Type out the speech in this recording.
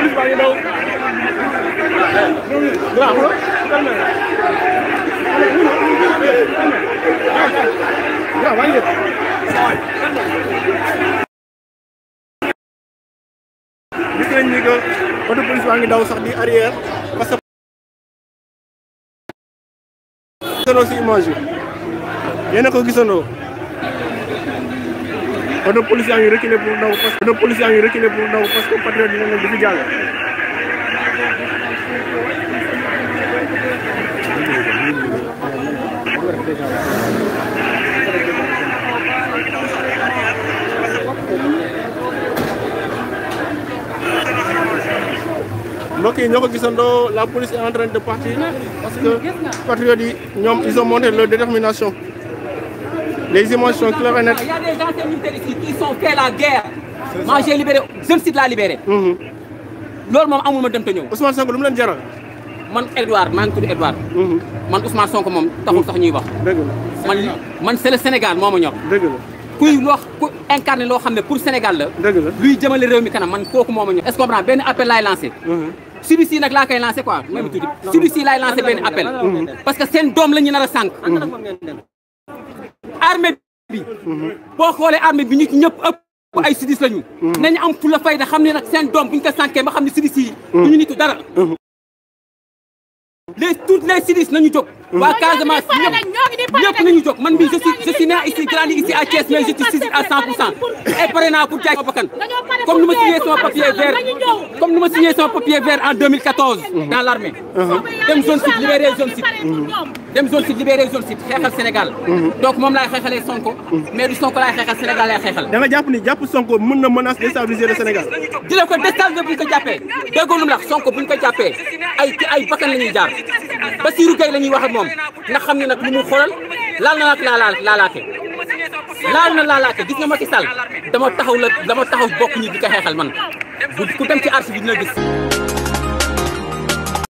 police baa ngi oto police baa ngi daw sax di arrière parce que gisandoo si image yi yéen ko gisandoo oto police yaa ngi reculé pour daw parce que oto police yaa ngi reculé pour daw parce yi ne leen du fi jàll. ko gisandoo la police est en train de partir parce que patriotes yi ñoom ils ont montré leur détermination. Les images sont claires et nettes. Il y a des gens militaires ici la guerre. Moi j'ai libéré, je la libéré. Mhm. loolu moom amul ma dem te ñëw. Ousmane mu leen jaral. man Edouard mhm. man Ousmane Sonko moom taxul sax ñuy wax. dëgg la man man c'est le Sénégal moo ma ñor. dëgg la kuy loo ku incarné loo xam ne pour Sénégal la. luy jëmale réew mi kanam man kooku moo ma ñor. est-ce que comprendre benn appel laay lancé. celui-ci mhm. laa koy lancé quoi. même tuuti celui-ci ah, laay lancé ah, ah, benn appel. parce que seen doom la ñu nar a sànq. armée bi boo xoolee armée bi ñu ñëpp ëpp bu ay sidis lañu mmh. nañu am fulla fayda xam ne nag seen doom bi ñu ko sànkee ba xam ne sidis yi mmh. duñu nitu dara mmh. les toutes les sidis nañu jóg waa Casamance ñëpp ñëpp nañu jóg man bi je suis je suis né ici grandi ici à Thiès sidis à 100 pour cent et pare naa pour jaay sama bakkan comme nu ma signé sama papier vert comme nu ma signé sama papier vert en 2014 dans l' armée dem zone sud libéré zone sud dem zone sud libéré zone sud xeexal Sénégal. Mhm. donc moom laay xeexalee Sonko. Mhm. mais du Sonko laay xeexal Sénégal laay xeexal. da nga jàpp ni jàpp Sonko mën na menace déstabiliser le Sénégal. dina ko déstabiliser bu ñu ko jàppee Sonko bu ñu ko jàppee ay ay bakkan la ñuy jaar Bassirou ñuy wax ak moom ndax xam ne nag lu mu xoolal laal na la laa laalaate. laal na laalaate gis nga Macky Sall dama taxaw la dama taxaw bokk ñi di ko xeexal man bu ku dem ci archive bi na gis.